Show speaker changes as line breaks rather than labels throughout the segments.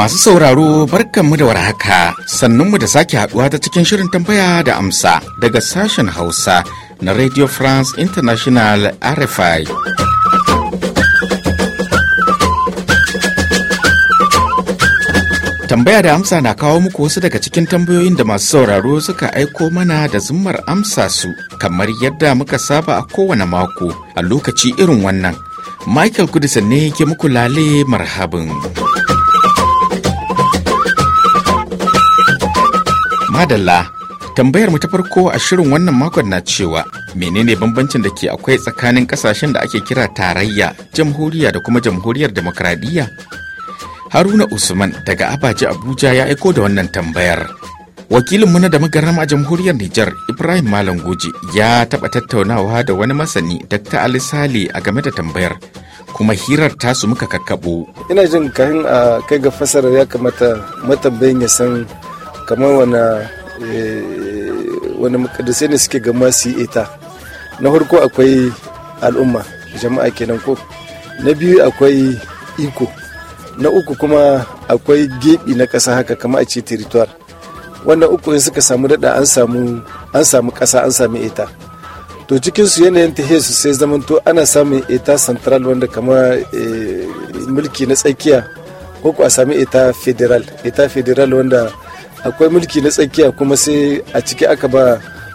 Masu sauraro barkanmu da warhaka sannunmu da sake haduwa ta cikin shirin tambaya da amsa daga sashen Hausa na Radio France International RFI. Tambaya da amsa na kawo muku wasu daga cikin tambayoyin da masu sauraro suka aiko mana da zummar amsa su kamar yadda muka saba a kowane mako a lokaci irin wannan. Michael Kudisan ne ke muku lale marhabin. Madalla, tambayar mu ta farko a shirin wannan makon na cewa menene bambancin da ke akwai tsakanin kasashen da ake kira tarayya, jamhuriya da kuma jamhuriyar demokradiyya? Haruna Usman daga Abaji Abuja ya aiko da wannan tambayar. Wakilinmu na da magarama a jamhuriyar Nijar Ibrahim Malam Goji ya taɓa tattaunawa da wani masani Dr. Ali Sale a game da tambayar. kuma hirar tasu muka kakkaɓo.
Ina jin kahin a kai ga fasarar ya kamata matambayin ya san kamar wana eh, wani makadisai ne suke gama su yi ita na farko akwai al'umma jama'a kenan ko na biyu akwai iko na uku kuma akwai gebi na ƙasa haka kama a ce territoire wannan uku in suka samu dada an samu an ƙasa an samu ita to cikin su yanayin ta hesu sai zamanto ana samun ita central wanda kama eh, mulki na tsakiya ko a sami ita federal ita federal wanda akwai mulki na tsakiya kuma sai a ciki aka ba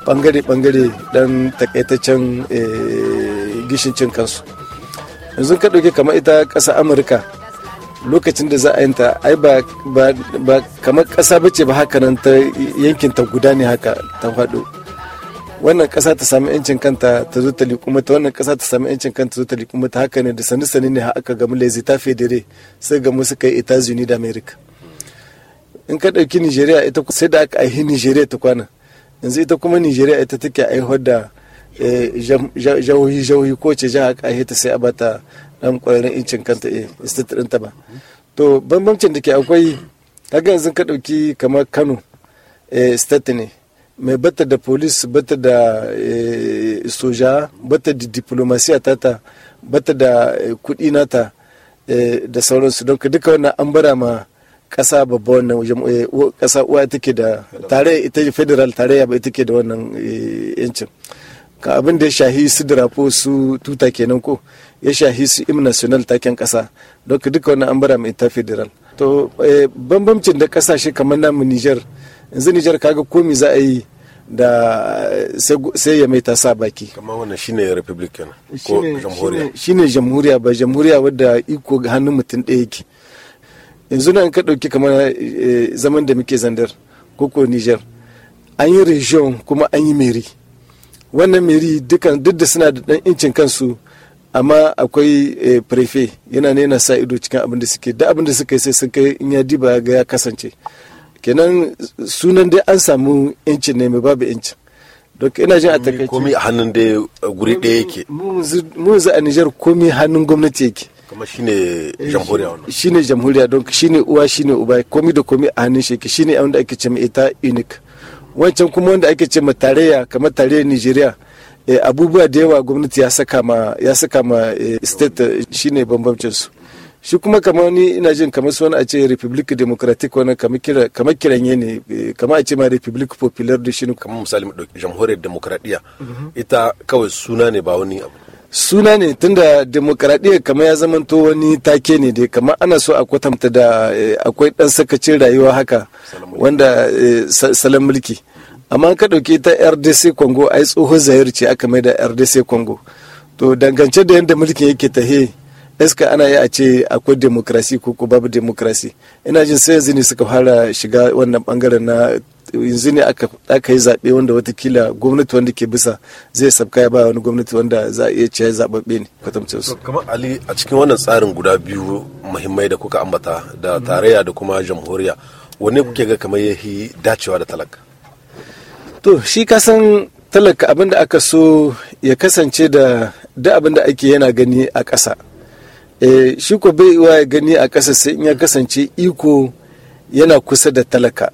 bangare-bangare dan takaitaccen eh, cin kansu yanzu ka ɗauke kamar ita ƙasa amurka lokacin da za a yanta ai ba kamar ƙasa bace ba haka nan ta yankin ta guda ne haka ta faɗo wannan ƙasa ta sami yancin kanta ta zo ta liƙuma ta wannan ƙasa ta sami yancin kanta ta zo ta liƙuma ta haka ne da sani-sani ne aka gamu zai ta federe sai gamu suka yi etats unis da america in ka ɗauki nigeria ita sai da aka aihi nigeria ta kwana yanzu ita kuma nigeria ita take aihuwar da eh, jahohi jahohi ko ce jiha aka aihe ta sai a bata ɗan ƙwararren incin kanta eh, state ta ba to bambancin da ke akwai haka yanzu ka ɗauki kamar kano eh, state ne mai bata da polis bata da soja bata da diplomasiya ta bata da kuɗi nata da sauransu don duka wannan an bara ma kasa babba wannan eh, kasa uwa take da tare ita federal tare ba ita ke da wannan eh, yancin ka abin da ya shahi su drapo su tuta kenan ko ya shahi su im national taken kasa don duka wannan an bara mai ta federal to eh, bambamcin da kasashe kamar namu niger yanzu niger kaga komi za a yi da sai ya mai ta sa baki kama wannan shine republican ko jamhuriya shine jamhuriya ba jamhuriya wadda iko ga hannun mutum ɗaya yake yanzu nan ka ɗauki kamar eh, zaman da muke zandar koko niger an yi region kuma an yi meri wannan meri dukan duk da suna da ɗan incin kansu amma akwai eh, prefe yana ne yana sa ido cikin abin da suke da abin da suka yi sai sun kai in ya diba ga ya kasance kenan sunan dai an samu incin ne mai babu incin don ina jin a takaice komai a hannun da eh, guri ɗaya yake mu yanzu a niger komai hannun gwamnati yake kuma shine jamhuriya wannan eh, shine jamhuriya don shine uwa shine uba komi da komi a hannun shi shine wanda ake ce ita unique wancan kuma wanda ake ce tarayya kamar tarayya Nigeria e, abubuwa da yawa gwamnati ya saka ma ya saka ma e, state shine bambamcin su shi kuma kamar ni ina jin kamar su wani a ce republic democratic wani kamar kiranye ne kamar a ce ma republic popular da shi kamar misali jamhuriyar demokradiyya ita kawai suna ne ba wani abu suna ne tunda demokradiyya kamar ya zamanto wani take ne dai kamar ana so a kwatanta da eh, akwai dan sakacin rayuwa haka wanda eh, salon mulki amma ka ɗauki ta rdc congo ai tsohon zahir ce aka mai da rdc congo to dangance da yadda mulkin yake tahe iska ana yi a ce akwai demokrasi ko ko babu demokrasi ina jin sai yanzu ne suka fara shiga wannan bangaren na yanzu ne aka yi zaɓe wanda watakila gwamnati wanda ke bisa zai sabka ya ba wani gwamnati wanda za a iya ce zaɓaɓɓe ne kwatamcin su. kamar ali a cikin wannan tsarin guda biyu muhimmai da kuka ambata da mm. tarayya da kuma jamhuriya wanne kuke ga kamar yahi dacewa da talaka. to shi kasan talaka abinda aka so ya kasance da duk abin da ake yana gani a ƙasa eh, shi ko bai iya gani a ƙasa sai in ya kasance iko yana kusa da talaka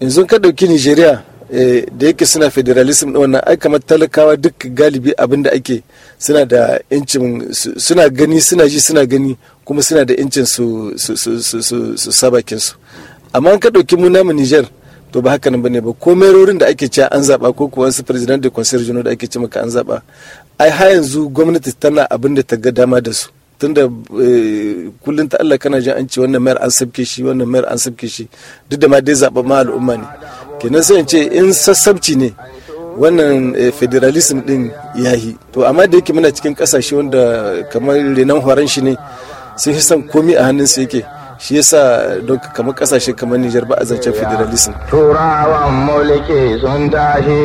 yanzu ka ɗauki nigeria eh, da yake suna federalism din wannan ai kamar talakawa duk galibi abin da ake suna da yancin suna gani suna ji suna gani kuma suna da yancin su su su su, su amma ka ɗauki mu namu niger to ba haka nan bane ba ko merorin da ake cewa an zaba ko kuwa su president da conseil general da ake ce maka an zaba ai ha yanzu gwamnati tana abin da ta ga dama da su tunda eh, kullum ta Allah kana jin an ce wannan mayar an sabke shi wannan mayar an sabke shi duk da ma dai zaɓa ma al'umma ne kenan sai in ce in sassabci ne wannan eh, federalism din yahi to amma da yake muna cikin kasashe wanda kamar renan horon shi ne sai san komi a hannun su yake shi yasa don kamar kasashe kamar Nijar ba a zancen federalism
turawan mulki sun tashi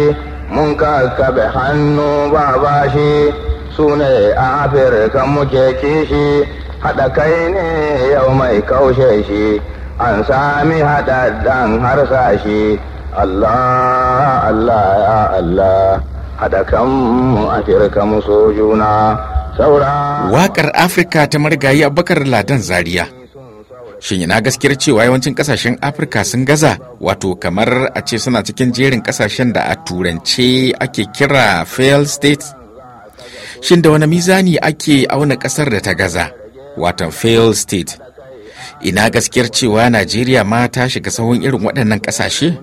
mun kakkabe hannu ba bashi su ne afir kan muke kishi haɗa kai ne yau mai kaushe shi an sami haɗaɗɗan harsashi Allah Allah ya Allah
haɗa kanmu kan muso juna saura
waƙar afirka ta marigayi abakar ladan zaria shin yana gaskiyar cewa yawancin kasashen afirka sun gaza wato kamar a ce suna cikin jerin kasashen da a turance ake kira fail states shin da wani mizani ake auna ƙasar da ta gaza watan fail state ina gaskiyar cewa najeriya ma ta shiga sahun irin waɗannan ƙasashe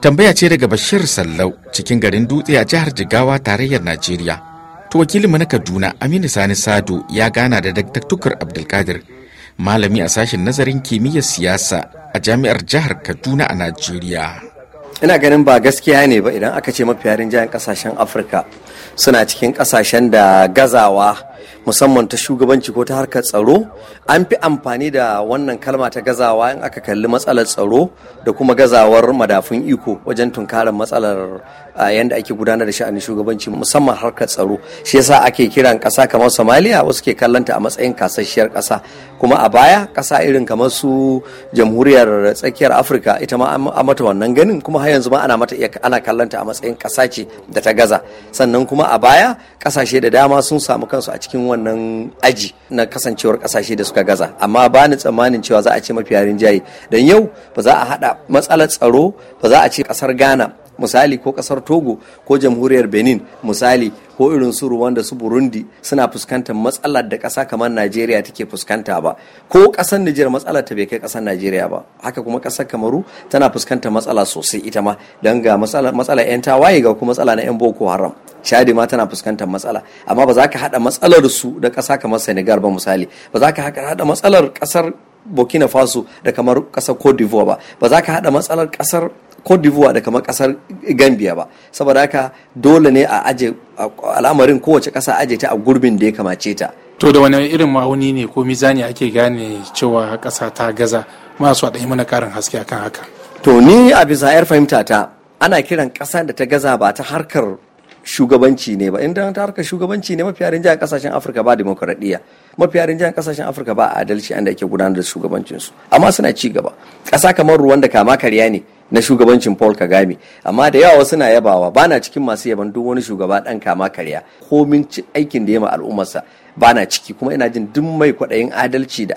tambaya ce daga bashir sallau cikin garin dutse a jihar jigawa tarayyar najeriya to wakilinmu na kaduna aminu sani sado ya gana da daktatukar abdulkadir malami a sashen nazarin kimiyyar siyasa a jami'ar jihar kaduna a najeriya
ina ganin ba gaskiya ne ba idan aka ce mafi yarin kasashen afirka suna cikin kasashen da gazawa musamman ta shugabanci ko ta harkar tsaro an fi amfani da wannan kalma ta gazawa in aka kalli matsalar tsaro da kuma gazawar madafun iko wajen tunkarar matsalar yadda ake gudanar da sha'anin shugabanci musamman harkar tsaro shi yasa ake kiran kasa kamar somalia wasu ke kallanta a matsayin kasasshiyar kasa kuma a baya kasa irin kamar su jamhuriyar tsakiyar afirka ita ma a mata wannan ganin kuma har yanzu ma ana mata ana kallanta a matsayin ƙasa ce da ta gaza sannan kuma a baya kasashe da dama sun samu kansu a cikin cikin wannan aji na kasancewar kasashe da suka gaza amma ba ni tsammanin cewa za a ce mafi yarin jayi don yau ba za a hada matsalar tsaro ba za a ce kasar ghana misali ko kasar togo ko jamhuriyar benin misali ko irin su Rwanda su Burundi suna fuskantar matsalar da ƙasa kamar Najeriya take fuskanta ba ko ƙasar Nijar matsalar ta bai kai ƙasar Najeriya ba haka kuma ƙasar Kamaru tana fuskantar matsala sosai ita ma don ga matsala 'yan tawaye ga kuma matsala na ƴan Boko Haram Chadi ma tana fuskantar matsala amma ba za ka haɗa matsalar su da ƙasa kamar Senegal ba misali ba za ka haɗa matsalar ƙasar burkina faso da kamar ƙasar cote d'ivoire ba ba za ka hada matsalar ƙasar. Cote d'Ivoire da kamar kasar Gambia ba saboda haka dole ne a aje al'amarin kowace kasa aje ta a gurbin da ya kamace ta
to da wani irin ma'auni ne ko mizani ake gane cewa kasa ta gaza masu wadai mana
karin haske akan haka to ni a bisa yar fahimta ta ana kiran kasa da ta gaza ba ta harkar shugabanci ne ba inda ta harkar shugabanci ne mafiyarin jihar kasashen afirka ba demokaradiyya mafiyarin jihar kasashen afirka ba adalci inda ake gudanar da shugabancinsu amma suna ci gaba ƙasa kamar ruwan da kama karya ne na shugabancin Paul Kagame amma da yawa wasu na yabawa bana cikin masu yaban duk wani shugaba dan kama karya komin aikin da ya ma al'ummarsa bana ciki kuma ina jin duk mai kwaɗayin adalci da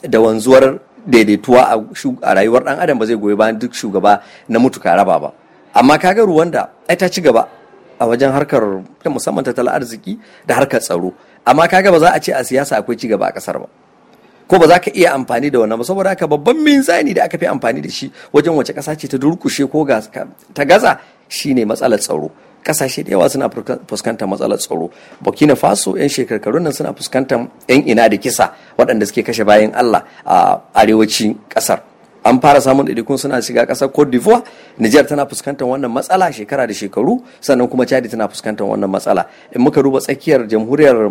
da wanzuwar daidaituwa a rayuwar dan adam ba zai goyi bayan duk shugaba na mutuka raba ba amma kaga Rwanda ai ta ci gaba a wajen harkar musamman tattalin arziki da harkar tsaro amma kaga ba za a ce a siyasa akwai ci gaba a kasar ba ko ba za ka iya amfani da wannan ba saboda haka babban minzani da aka fi amfani da shi wajen wace ƙasa ce ta durkushe ko ta gaza shine matsalar tsaro kasashe da yawa suna fuskantar matsalar tsaro burkina faso 'yan shekarkarun nan suna fuskantar 'yan ina da kisa waɗanda suke kashe bayan allah a arewacin kasar an fara samun ɗaiɗaikun suna shiga ƙasar cote d'ivoire niger tana fuskantar wannan matsala shekara da shekaru sannan kuma chadi tana fuskantar wannan matsala in muka duba tsakiyar jamhuriyar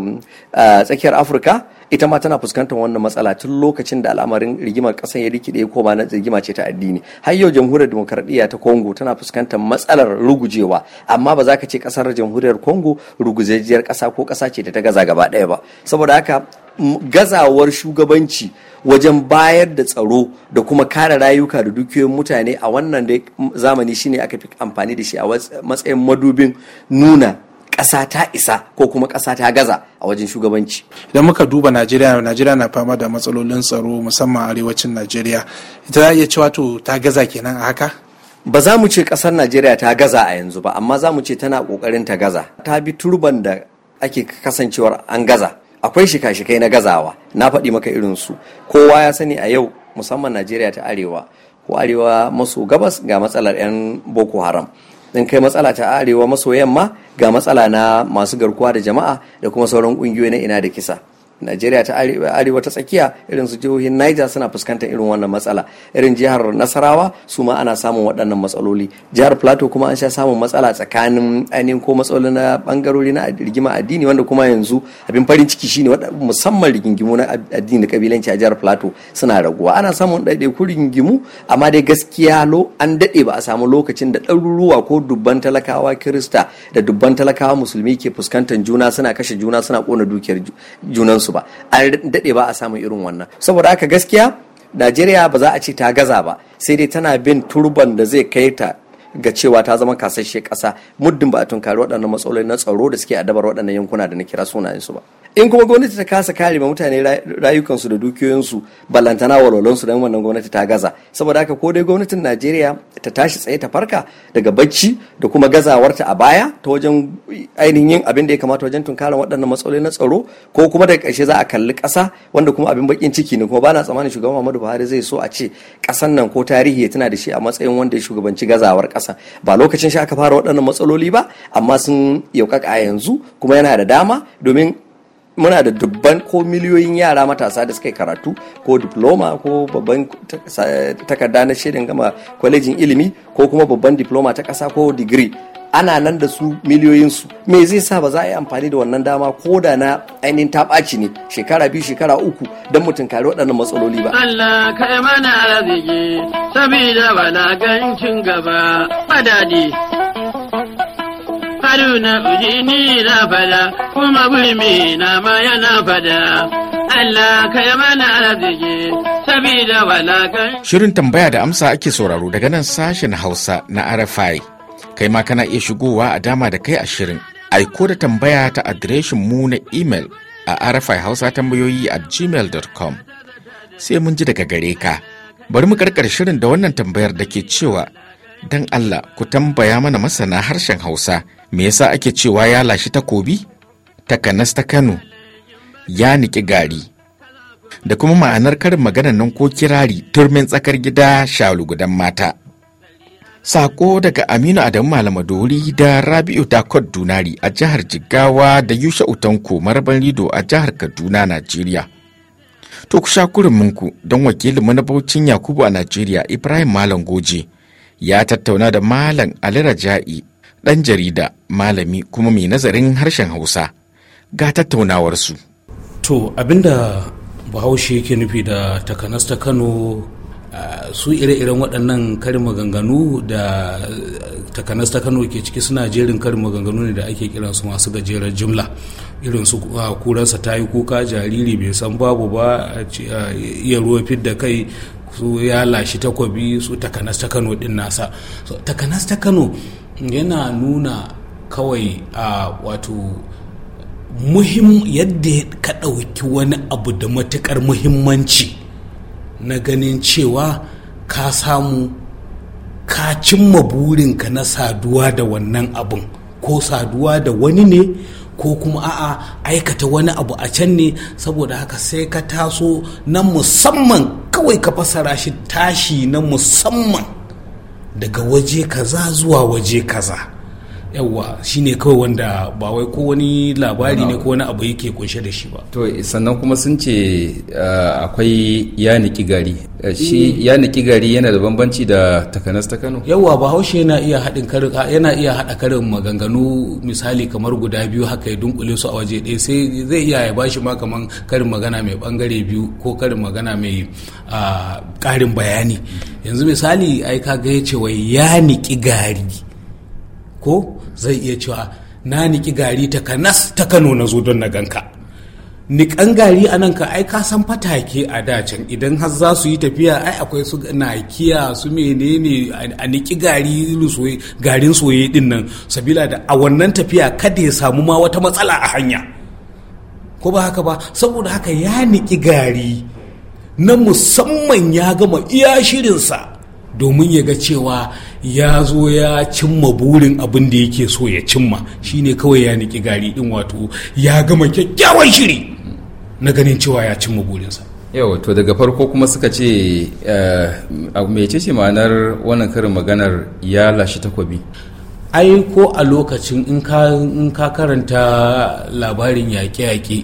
eh, tsakiyar afirka ita ma tana fuskantar wannan matsala tun lokacin da al'amarin rigimar ƙasar ya rikide ko ba na rigima ce ta addini har yau jamhuriyar demokradiyya ta Congo tana fuskantar matsalar rugujewa amma ba za ka ce ƙasar jamhuriyar Congo rugujejiyar ƙasa ko ƙasa ce da ta gaza gaba ɗaya ba saboda haka gazawar shugabanci wajen bayar da tsaro da kuma kare rayuka da dukiyoyin mutane a wannan da zamani shine aka fi amfani da shi a matsayin madubin nuna ƙasa ta isa ko kuma ƙasa ta gaza a wajen shugabanci. Idan muka duba Najeriya, Najeriya na fama da matsalolin tsaro musamman arewacin Najeriya. Ita za iya cewa to ta gaza kenan a haka? Ba za mu ce ƙasar Najeriya ta gaza a yanzu ba, amma za mu ce tana ƙoƙarin ta gaza. Ta bi turban da ake kasancewar an gaza. Akwai shika-shikai na gazawa, na faɗi maka irin su. Kowa ya sani a yau, musamman Najeriya ta arewa, ko arewa maso gabas ga matsalar 'yan Boko Haram. in kai matsala ta arewa maso yamma ga matsala na masu garkuwa da jama'a da kuma sauran ƙungiyoyi na ina da kisa Najeriya ta arewa ta tsakiya irin su jihohin Niger suna fuskantar irin wannan matsala irin jihar Nasarawa su ma ana samun waɗannan matsaloli jihar Plateau kuma an sha samun matsala tsakanin ainihin ko matsaloli na bangarori na rigima addini wanda kuma yanzu abin farin ciki shine musamman rigingimu na addini da kabilanci a jihar Plateau suna raguwa ana samun ko rigingimu amma dai gaskiya lo an daɗe ba a samu lokacin da ɗaruruwa ko dubban talakawa Kirista da dubban talakawa musulmi ke fuskantar juna suna kashe juna suna kona dukiyar junansu su ba an daɗe ba a samun irin wannan saboda haka gaskiya najeriya ba za a ce ta gaza ba sai dai tana bin turban da zai kai ta ga cewa ta zama kasashe kasa muddin ba a tunkari waɗannan matsaloli na tsaro da suke adabar waɗannan yankuna da na kira sunayensu ba in kuma gwamnati ta kasa kare ma mutane rayukansu da dukiyoyinsu ballantana walwalansu don wannan gwamnati ta gaza saboda haka ko dai gwamnatin najeriya ta tashi tsaye ta farka daga bacci da kuma gazawarta a baya ta wajen ainihin yin abin da ya kamata wajen tunkarar waɗannan matsaloli na tsaro ko kuma daga ƙarshe za a kalli ƙasa wanda kuma abin bakin ciki ne kuma ba na tsammanin shugaban muhammadu buhari zai so a ce ƙasan nan ko tarihi ya tana da shi a matsayin wanda ya shugabanci gazawar ƙasa ƙasa ba lokacin shi aka fara waɗannan matsaloli ba amma sun yaukaka a yanzu kuma yana da dama domin muna da dubban ko miliyoyin yara matasa da suka karatu ko diploma ko babban takarda na shirin gama kwalejin ilimi ko kuma babban diploma ta ƙasa ko digiri ana nan da su miliyoyinsu me zai sa ba za a yi amfani da wannan dama ko da na ainihin ta ne shekara biyu shekara uku don mutum kare waɗannan matsaloli ba.
Allah ka yi mana arziki saboda bala gancin gaba adadi. Haruna ujini na fada kuma gulmi na ma yana
fada. Allah ka yi mana arziki saboda bala
Shirin tambaya da amsa ake sauraro daga nan sashen Hausa na RFI. kai ma kana iya shigowa a dama da kai ashirin aiko da tambaya ta adireshin mu na email a arafai hausa tambayoyi a gmail.com sai mun ji daga gare ka bari mu karkar shirin da wannan tambayar da ke cewa Dan allah ku tambaya mana masana harshen hausa me yasa ake cewa ya lashi takobi takanas ta kano ya niki gari da kuma ma'anar karin maganar nan ko kirari turmin tsakar gida shalu, gudan mata Sako daga Aminu Adamu Malamadori da Rabi'u Dakot Dunari a jihar Jigawa da Yusha Utanko Maraban Rido a jihar Kaduna, Najeriya. To ku sha ku don wakilinmu na Yakubu a Najeriya Ibrahim Malam Goje ya tattauna da Malam Ali Raja'i ɗan jarida malami kuma mai nazarin harshen Hausa ga tattaunawarsu.
To abinda Bahaushe ke nufi da takanas ta Kano su ire-iren waɗannan karin maganganu da eh, takanas ta kano ke ciki suna jerin karin maganganu ne da ake kiran su masu gajeren jimla irin su ah, kuransa ta yi kuka jariri bai san babu ba iya ruwa da kai su ya lashi takobi su takanas ta kano din nasa takanas ta kano yana nuna kawai a wato muhim yadda ka ɗauki wani abu da matuƙar muhimmanci na ganin cewa ka samu ka cimma burinka na saduwa da wannan abin ko saduwa da wani ne ko kuma a'a aikata wani abu a can ne saboda haka sai ka taso na musamman kawai ka fasara shi tashi na musamman daga waje kaza zuwa waje kaza yawwa shine kawai wanda ba wai ko wani labari ne ko wani abu yake kunshe da shi ba to
sannan kuma sun ce uh, akwai ya niki gari uh, shi eh. ya niki gari yana da bambanci da takanas ta Kano
yawwa bahaushe yana iya haɗin karin yana iya haɗa karin maganganu misali kamar guda biyu haka ya dunkule su a waje ɗaya sai zai iya ya bashi ma kaman karin magana mai bangare biyu ko karin magana mai ƙarin bayani yanzu misali ai ka ga ya ce wai ya niki gari ko zai iya cewa na niki gari ta kanas ta kano na zo don na ganka niƙan gari a nan ka ai ka san fatake a dacin idan har za su yi tafiya ai akwai su nakiya su menene a niki gari garin soye din nan sabila da a wannan tafiya kada ya samu ma wata matsala a hanya ko ba haka ba saboda haka ya niki gari na musamman ya gama iya shirinsa domin ya ga cewa ya zo ya cimma burin abin da yake so ya cimma shine kawai ya niki gari din wato ya gama kyakkyawan shiri na ganin cewa ya cimma burinsa
yau to daga farko kuma suka ce eh, mece ce ma'anar wannan karin maganar ya lashe takwabi
ai ko a lokacin in ka karanta labarin yaƙe-yaƙe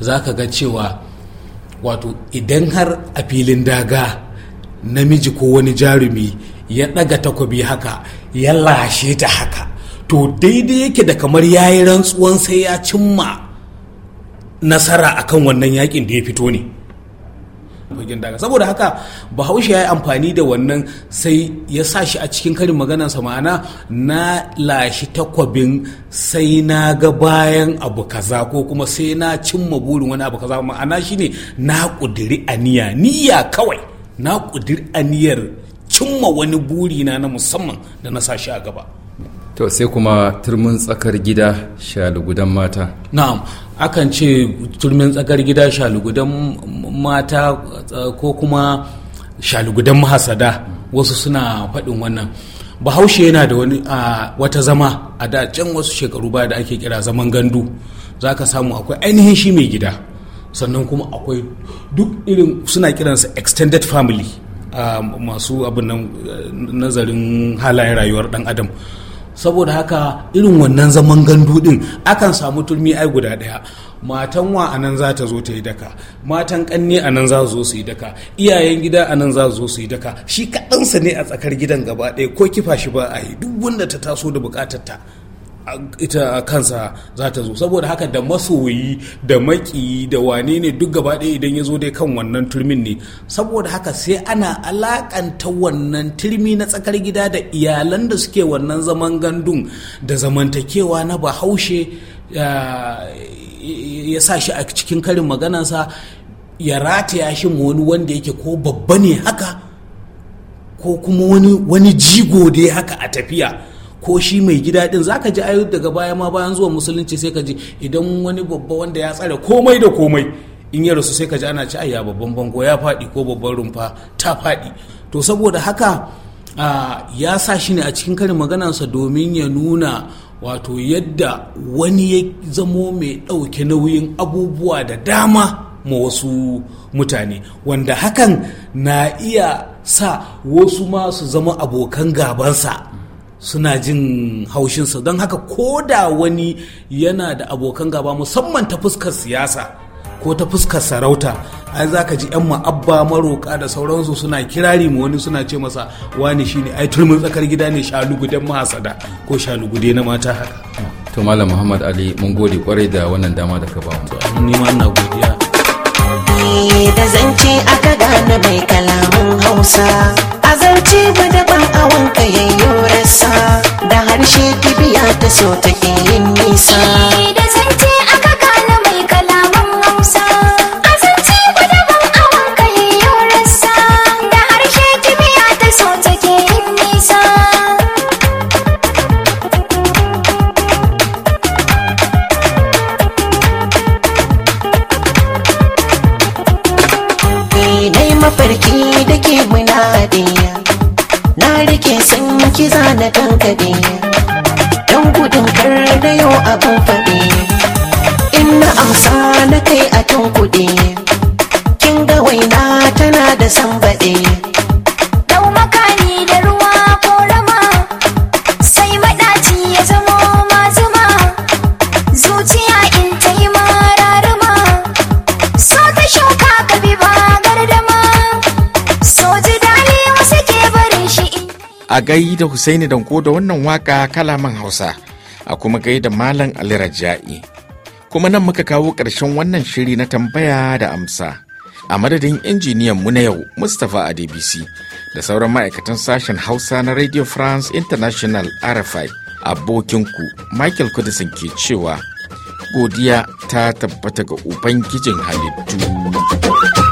za ka ga cewa wato idan har a filin daga namiji ko wani jarumi ya ɗaga takobi haka ya lashe ta haka to daidai yake da kamar ya yi rantsuwan sai ya cimma nasara akan wannan yakin da ya fito ne saboda haka bahaushe ya yi amfani da wannan sai ya sa shi a cikin karin maganarsa ma'ana na lashi takwabin sai na ga bayan abu kaza ko kuma sai na cimma burin wani abu kaza ma'ana shine na ƙudiri aniya niyya kawai na ƙudiri aniyar cimma wani buri na musamman da na sa shi a gaba
to sai kuma turmin tsakar gida shalugudan mata
na'am akan ce turmin tsakar gida shalugudan mata ko kuma shalugudan mahasada wasu suna faɗin wannan bahaushe yana da wani a wata zama a da can wasu shekaru ba da ake kira zaman gandu za ka samu akwai ainihin shi mai gida sannan kuma akwai duk irin suna kiransa extended family A masu abin eh, nazarin halayen rayuwar dan adam saboda haka irin wannan zaman gandu din akan samu turmi ai guda daya matan wa anan za ta zo ta yi daka matan kanne anan za zo su yi daka iyayen gida anan za zo su yi daka shi kaɗansa ne a tsakar gidan gaba ɗaya ko kifa shi ba a yi duk wanda ta taso da bukatar ta ita kansa za ta zo saboda haka da masoyi da maki da wane ne duk gaba ɗaya idan ya zo dai kan wannan turmin ne saboda haka sai ana alakanta wannan turmi na tsakar gida da iyalan da suke wannan zaman gandun da zamantakewa na bahaushe ya sa shi a cikin karin maganansa ya rataya shi wani wanda yake ko babba ne haka ko kuma wani jigo dai haka a tafiya ko shi mai gida din zaka ji ayu daga baya ma bayan zuwa musulunci sai ka ji idan wani babba wanda ya tsare komai da komai in ya rasu sai ka ji ana ci ayya babban bango ya faɗi ko babban rumfa ta faɗi to saboda haka ya sa shi ne a cikin karin maganarsa domin ya nuna wato yadda wani ya zamo mai ɗauke nauyin abubuwa da dama ma wasu mutane wanda hakan na iya sa wasu ma su zama abokan gabansa suna jin haushinsa don haka ko da wani yana da abokan gaba musamman ta fuskar siyasa ko ta fuskar sarauta ai za ka ji 'yan ma'abba maroka da sauransu suna kirari ma wani suna ce masa wani shine ai turmin tsakar gida ne gudan mahasada ko shalugude na mata haka
to malam muhammad ali mun gode kwarai da wannan dama da ka ba mu ni ma ina godiya
ne da zance aka gane bai kalamin hausa a zance gwadaban awon kayayyo rasa da harshe kibiya ta
so take yin nisa
mafarki da ke muna biya na rike sun kiza na dangabe don gudun kar da yau abin faɗi in na amsa na kai a tun kuɗi kin ga waina tana da san
a gai da Husaini Danko da wannan waka kalaman Hausa, a kuma gai da Malam Ali Raja'i. Kuma nan muka kawo ƙarshen wannan shiri na tambaya da amsa. A madadin injiniyan mu na yau, Mustapha ADBC, da sauran ma'aikatan sashen Hausa na Radio France International RFI, abokinku Michael Kudisin ke cewa, godiya ta tabbata ga Ubangijin halittu.